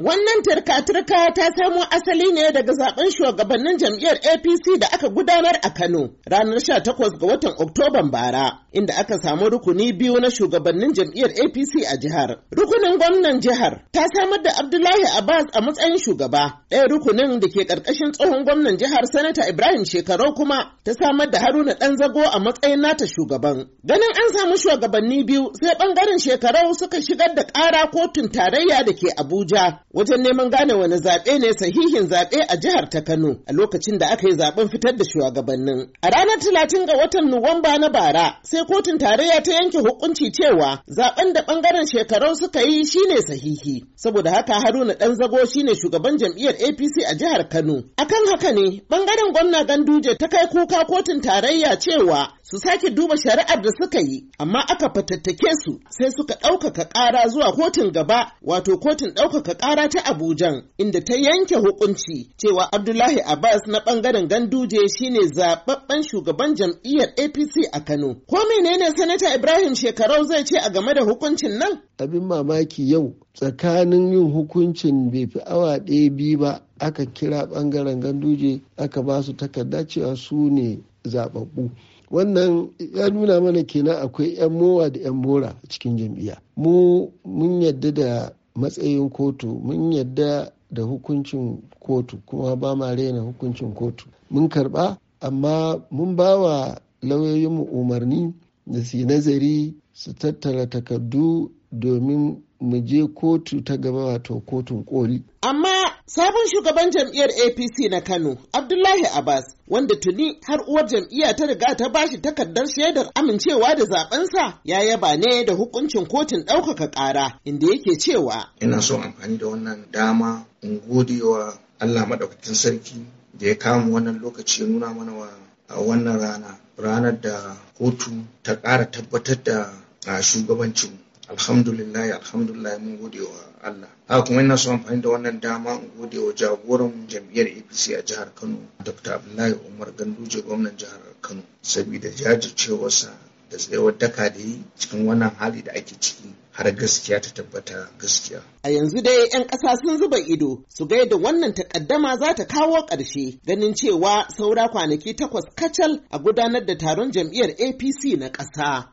Wannan turkaturka ta samo asali ne daga zaben shugabannin jam'iyyar APC da aka gudanar a Kano ranar 18 ga watan Oktoban bara, inda aka samu rukuni biyu na shugabannin jam'iyyar APC a jihar. Rukunin gwamnan jihar ta samar da Abdullahi Abbas a matsayin shugaba, ɗaya rukunin da ke ƙarƙashin tsohon gwamnan jihar Sanata Ibrahim Shekaru kuma ta samar da Haruna zago a matsayin nata shugaban. Ganin an samu shugabanni biyu sai ɓangaren Shekarau suka shigar da ƙara kotun tarayya da ke Abuja. wajen neman gane wani zaɓe ne sahihin zaɓe a jihar ta Kano a lokacin da aka yi zaɓen fitar da shugabannin. A ranar talatin ga watan Nuwamba na bara sai kotun tarayya ta yanke hukunci cewa zaɓen da ɓangaren shekarun suka yi shine sahihi. Saboda haka Haruna ɗan zago shine shugaban jam'iyyar APC a jihar Kano. Akan haka ne ɓangaren gwamna Ganduje ta kai kuka kotun tarayya cewa su sake duba shari'ar da suka yi amma aka fatattake su sai suka ɗaukaka ƙara zuwa kotun gaba wato kotun ɗaukaka ƙara kara ta Abujan inda ta yanke hukunci cewa Abdullahi Abbas na bangaren Ganduje shine zababben shugaban jam'iyyar APC a Kano. Ko menene Sanata Ibrahim Shekarau zai ce a game da hukuncin nan? Abin mamaki yau tsakanin yin hukuncin bai fi awa ɗaya biyu ba aka kira bangaren Ganduje aka ba su takarda cewa su ne zababbu. wannan ya nuna mana kenan akwai 'yan mowa da 'yan mora cikin jam'iyya mu mun yadda da matsayin kotu mun yadda da hukuncin kotu kuma ba ma raina hukuncin kotu mun karba amma mun ba wa lauyoyinmu umarni da su yi nazari su tattara takardu domin mu je kotu ta gaba wato kotun koli amma Sabon shugaban jam'iyyar APC na Kano, Abdullahi Abbas, wanda tuni har uwar jam'iyya ta riga ta bashi takardar shaidar amincewa da zabensa ya yaba ne da hukuncin kotun ɗaukaka ƙara inda yake cewa. Ina so amfani da wannan dama in godewa Allah maɗaukakin sarki da ya kama wannan lokaci ya nuna mana wa wannan rana, ranar da kotu ta ƙara tabbatar da shugabancin alhamdulillah alhamdulillah mun gode wa Allah a kuma ina so amfani da wannan dama in gode wa jagoran jam'iyyar APC a jihar Kano Dr. Abdullahi Umar Ganduje gwamnan jihar Kano saboda jajircewarsa da tsayawar daka da yi cikin wannan hali da ake ciki har gaskiya ta tabbata gaskiya. A yanzu dai 'yan ƙasa sun zuba ido su ga yadda wannan takaddama za ta kawo ƙarshe ganin cewa saura kwanaki takwas kacal a gudanar da taron jam'iyyar APC na ƙasa.